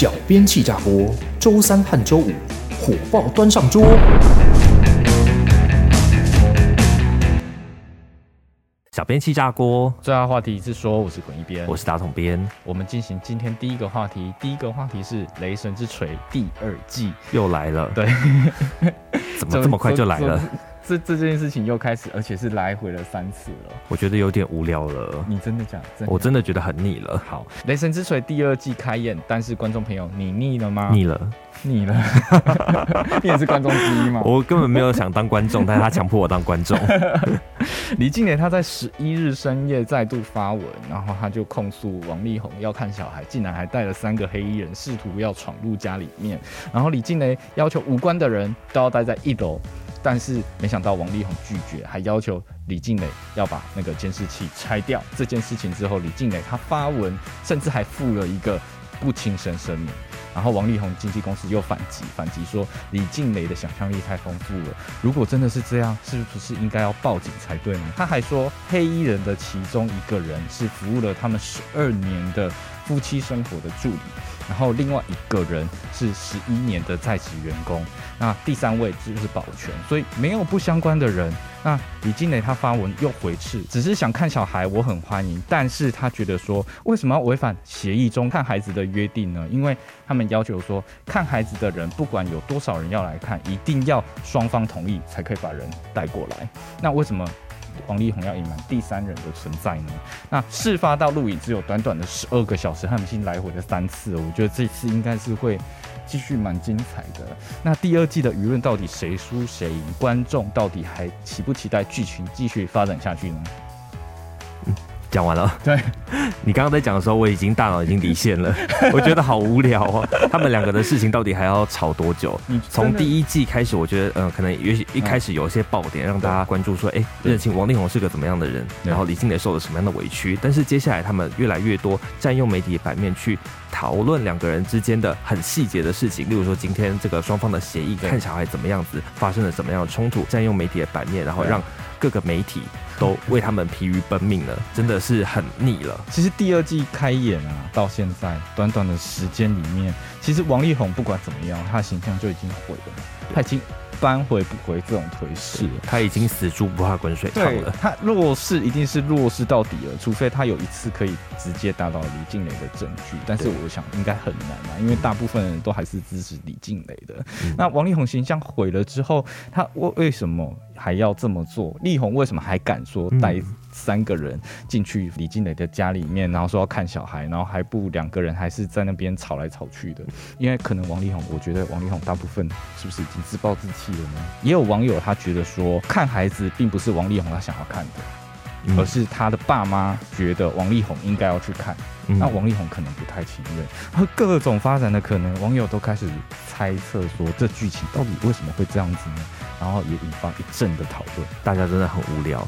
小編氣炸鍋，週三和週五火爆端上桌。小編氣炸鍋，最大話題是說，我是滾一編，我是打統編，我們進行今天第一個話題。第一個話題是《蕾神之槌》第二季又來了，對， 怎麼這麼快就來了？這這件事情又開始，而且是來回了三次了。我覺得有點無聊了。你真的假的，真的？我真的覺得很膩了。好，《蕾神之槌》第二季開演，但是觀眾朋友，你膩了嗎？膩了，膩了。 你也是觀眾之一嗎？我根本沒有想當觀眾， 但是他強迫我當觀眾。 李靚蕾他在十一日深夜再度發文，然後他就控訴王力宏要看小孩，竟然還帶了三個黑衣人試圖要闖入家裡面，然後李靚蕾要求無關的人都要待在一樓。但是沒想到王力宏拒絕，還要求李靚蕾要把那個監視器拆掉。這件事情之後，李靚蕾她發文，甚至還附了一個不輕聲聲明。然後王力宏經紀公司又反擊，反擊說李靚蕾的想象力太豐富了。如果真的是這樣，是不是應該要報警才對呢？他還說黑衣人的其中一個人是服務了他們十二年的。夫妻生活的助理，然後另外一個人是十一年的在職員工，那第三位就是保全，所以沒有不相關的人。那李靚蕾他發文又回斥，只是想看小孩，我很歡迎，但是他覺得說為什麼要違反協議中看孩子的約定呢？因為他們要求說看孩子的人，不管有多少人要來看，一定要雙方同意才可以把人帶過來。那為什麼？王力宏要隱瞞第三人的存在呢？那事發到錄影只有短短的十二個小時，他們已經來回了三次，我覺得這次應該是會繼續蠻精彩的。那第二季的輿論到底誰輸誰贏？觀眾到底還期不期待劇情繼續發展下去呢？講完了。對，你剛剛在講的時候，我已經大腦已經離線了。 我覺得好無聊啊，哦！ 他們兩個的事情到底還要吵多久？從第一季開始，我覺得，嗯、呃，可能也許一開始有一些爆點，啊、讓大家關注，說，哎，認、欸、清王力宏是個怎麼樣的人，然後李靚蕾受了什麼樣的委屈。但是接下來，他們越來越多佔用媒體的版面去討論兩個人之間的很細節的事情，例如說今天這個雙方的協議跟，看小孩怎麼樣子，發生了怎麼樣的衝突，佔用媒體的版面，然後讓各個媒體。都為他們疲於奔命了，真的是很膩了。其實第二季開演啊，到現在短短的時間裡面，其實王力宏不管怎麼樣，他的形象就已經毀了。太清扳回補回這種頹勢，嗯，他已經死豬不怕滾水燙了。他弱勢一定是弱勢到底了，除非他有一次可以直接達到李靚蕾的證據。但是我想應該很難啊，因為大部分人都還是支持李靚蕾的，嗯。那王力宏形象毀了之後，他為為什麼還要這麼做？力宏為什麼還敢說帶，嗯？三個人進去李靚蕾的家裡面，然後說要看小孩，然後還不兩個人還是在那邊吵來吵去的。因為可能王力宏，我覺得王力宏大部分是不是已經自暴自棄了呢？也有網友他覺得說看孩子並不是王力宏他想要看的，而是他的爸媽覺得王力宏應該要去看，嗯、那王力宏可能不太情願。然後各種發展的可能，網友都開始猜測說這劇情到底為什麼會這樣子呢？然後也引發一陣的討論，大家真的很無聊，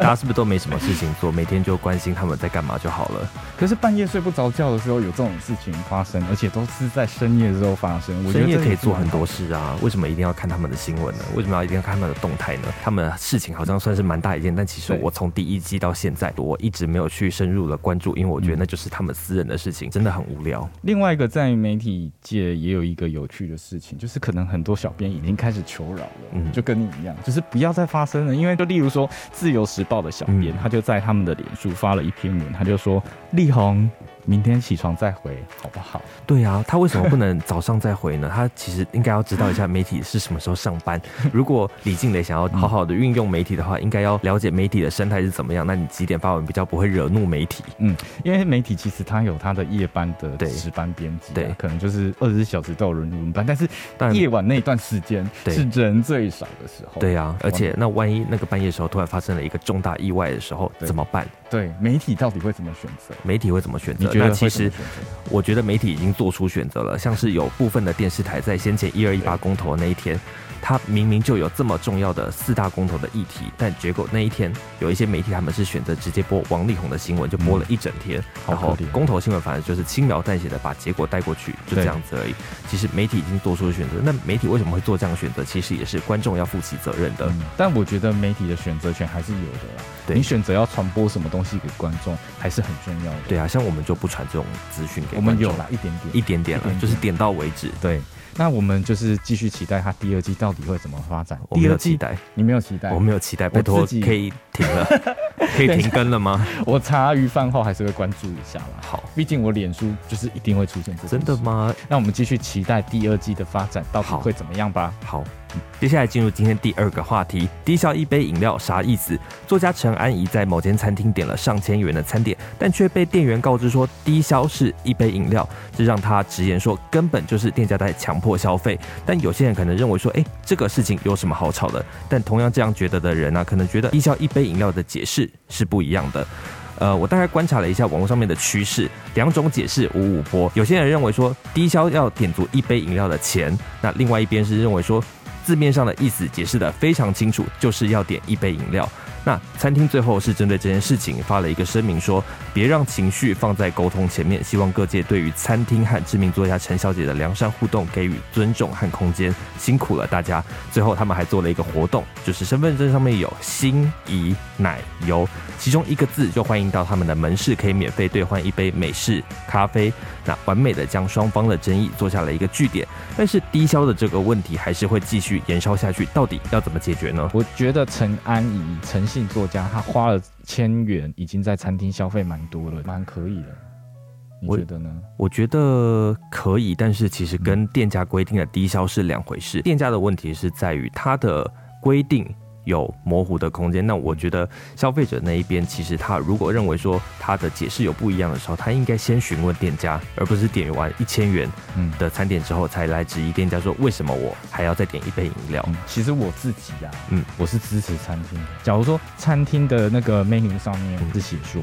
大家是不是都沒什麼事情做， 每天就關心他們在幹嘛就好了？可是半夜睡不着覺的時候，有這種事情發生，而且都是在深夜的時候發生，我覺得這。深夜可以做很多事啊，為什麼一定要看他們的新聞呢？為什麼要一定要看他們的動態呢？他們事情好像算是蠻大一件，但其實我從第一季到現在，我一直沒有去深入的關注，因為我覺得那就是他們私人的事情，嗯，真的很無聊。另外一個在媒體界也有一個有趣的事情，就是可能很多小編已經開始求饒了。嗯。就跟你一樣，就是不要再發聲了，因為就例如說《自由時報》的小編，他就在他們的臉書發了一篇文，他就說、嗯：“力宏。”明天起床再回好不好？對啊，他為什麼不能早上再回呢？ 他其實應該要知道一下媒體是什麼時候上班。如果李靚蕾想要好好的運用媒體的話，嗯、應該要了解媒體的生態是怎麼樣。那你幾點發文比較不會惹怒媒體？嗯，因為媒體其實他有他的夜班的值班編輯、啊，對，可能就是二十四小時都有輪輪班，但是但夜晚那一段時間是人最少的時候對。對啊，而且那萬一那個半夜的時候突然發生了一個重大意外的時候怎麼辦？對，媒體到底會怎麼選擇？媒體會怎麼選擇？那其實，我覺得媒體已經做出選擇了。像是有部分的電視台在先前一二一八公投的那一天，他明明就有這麼重要的四大公投的議題，但結果那一天有一些媒體他們是選擇直接播王力宏的新聞，就播了一整天，然後公投新聞反而就是輕描淡寫的把結果帶過去，就這樣子而已。其實媒體已經做出了選擇。那媒體為什麼會做這樣的選擇？其實也是觀眾要負起責任的。嗯，但我覺得媒體的選擇權還是有的啦。對、啊、你選擇要傳播什麼東西給觀眾，還是很重要的。對啊，像我們就。不傳這種資訊給我們有了一點點，一點點了一點點，就是點到為止。對，那我們就是繼續期待他第二季到底會怎麼發展。我沒有期待，你沒有期待，我沒有期待，拜託可以停了， 可以停更了嗎？我茶餘飯後還是會關注一下了。好，畢竟我臉書就是一定會出現這。真的嗎？那我們繼續期待第二季的發展到底會怎麼樣吧。好。好接下來進入今天第二個話題，低消一杯飲料啥意思？作家陳安儀在某間餐廳點了上千元的餐點，但卻被店員告知說低消是一杯飲料，這讓她直言說根本就是店家在強迫消費。但有些人可能認為說，誒、欸，這個事情有什麼好吵的？但同樣這樣覺得的人呢、啊，可能覺得低消一杯飲料的解釋是不一樣的。呃，我大概觀察了一下網絡上面的趨勢，兩種解釋五五波。有些人認為說低消要點足一杯飲料的錢，那另外一邊是認為說。字面上的意思解釋得非常清楚，就是要點一杯飲料。那餐廳最後是針對這件事情發了一個聲明，說別讓情緒放在溝通前面，希望各界對於餐廳和知名作家陳小姐的良善互動給予尊重和空間，辛苦了大家。最後他們還做了一個活動，就是身份證上面有心儀奶油，其中一個字就歡迎到他們的門市可以免費兌換一杯美式咖啡。那完美的將雙方的爭議做下了一個句點，但是低消的這個問題還是會繼續延燒下去，到底要怎麼解決呢？我覺得陳安儀陳。作家他花了千元，已經在餐廳消費蠻多了，蠻可以的，你覺得呢？我，我覺得可以，但是其實跟店家規定的低消是兩回事。店家的問題是在於他的規定有模糊的空間，那我覺得消費者那一邊，其實他如果認為說他的解釋有不一樣的時候，他應該先詢問店家，而不是點完一千元的餐點之後才來質疑店家說為什麼我還要再點一杯飲料。嗯。其實我自己呀、啊，嗯，我是支持餐廳的。假如說餐廳的那個 menu 上面、嗯、自己說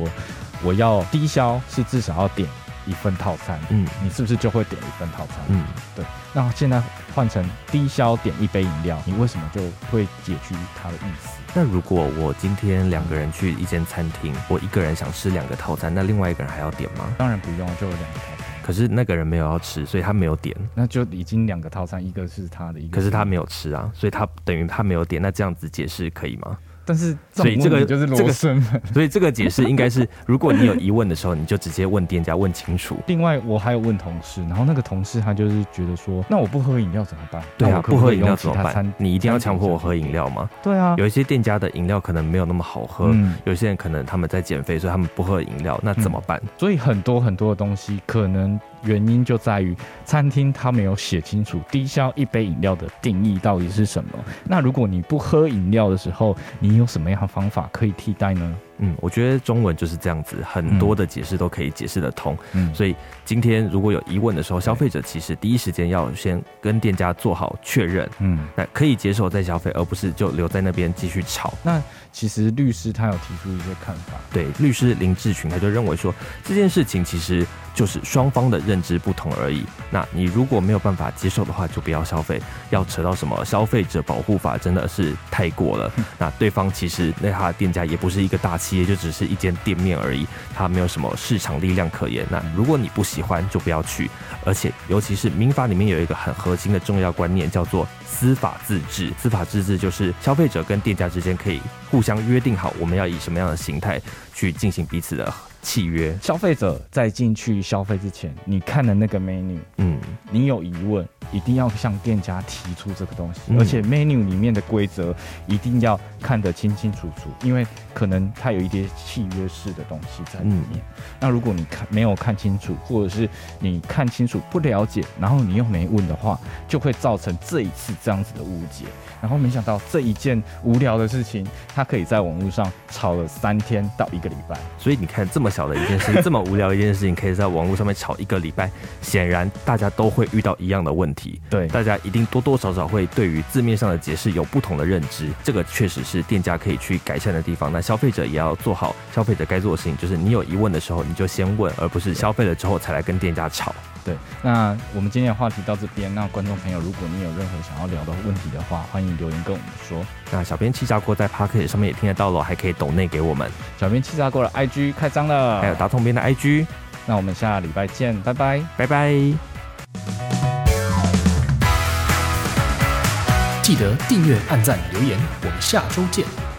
我要低消是至少要點。一份套餐，嗯，你是不是就會點一份套餐，嗯，對。那現在換成低消點一杯飲料，你為什麼就會解決他的意思？那如果我今天兩個人去一間餐廳、嗯，我一個人想吃兩個套餐，那另外一個人還要點嗎？當然不用，就有兩個套餐。可是那個人沒有要吃，所以他沒有點。那就已經兩個套餐，一個是他的，一個可是他沒有吃啊，所以他等於他沒有點。那這樣子解釋可以嗎？但是，所以這個就是這個身份，所以這個解釋應該是：如果你有疑問的時候，你就直接問店家，問清楚。另外，我還有問同事，然後那個同事他就是覺得說：“那我不喝飲料怎麼辦？”對啊，我可不，可不喝飲料怎麼辦？你一定要強迫我喝飲料嗎？對啊，有一些店家的飲料可能沒有那麼好喝，嗯，有些人可能他們在減肥，所以他們不喝飲料，那怎麼辦？嗯，所以很多很多的東西可能。原因就在於餐廳他沒有寫清楚低消一杯飲料的定義到底是什麼。那如果你不喝飲料的時候，你有什麼樣的方法可以替代呢？嗯，我覺得中文就是這樣子，很多的解釋都可以解釋得通。嗯，所以今天如果有疑問的時候，嗯、消費者其實第一時間要先跟店家做好確認。嗯，那可以接受再消費，而不是就留在那邊繼續吵。那其實律師他有提出一些看法。對，律師林志群他就認為說，這件事情其實。就是雙方的認知不同而已。那你如果沒有辦法接受的話，就不要消費。要扯到什麼消費者保護法，真的是太過了。那對方其實那他的店家也不是一個大企業，就只是一間店面而已，他沒有什麼市場力量可言。那如果你不喜歡，就不要去。而且，尤其是民法裡面有一個很核心的重要觀念，叫做。私法自治，私法自治就是消費者跟店家之間可以互相約定好，我們要以什麼樣的形態去進行彼此的契約。消費者在進去消費之前，你看的那個 menu，嗯，你有疑問？一定要向店家提出這個東西，而且 menu 裡面的規則一定要看得清清楚楚，因為可能它有一些契約式的東西在裡面。嗯。那如果你看沒有看清楚，或者是你看清楚不了解，然後你又沒問的話，就會造成這一次這樣子的誤解。然後沒想到這一件無聊的事情，它可以在網絡上吵了三天到一個禮拜。所以你看這麼小的一件事情，這麼無聊一件事情，可以在網絡上面吵一個禮拜，顯 然大家都會遇到一樣的問題。對，大家一定多多少少會對於字面上的解釋有不同的認知，這個確實是店家可以去改善的地方。那消費者也要做好消費者該做的事情，就是你有疑問的時候你就先問，而不是消費了之後才來跟店家吵。對，那我們今天的話題到這邊，那觀眾朋友如果你有任何想要聊的問題的話，嗯、歡迎留言跟我們說。那小編氣炸鍋在 Podcast 上面也聽得到了，還可以抖內給我們。小編氣炸鍋的 IG 開張了，還有打統編的 IG，那我們下禮拜見，拜拜，拜拜。記得訂閱、按讚、留言，我們下周見。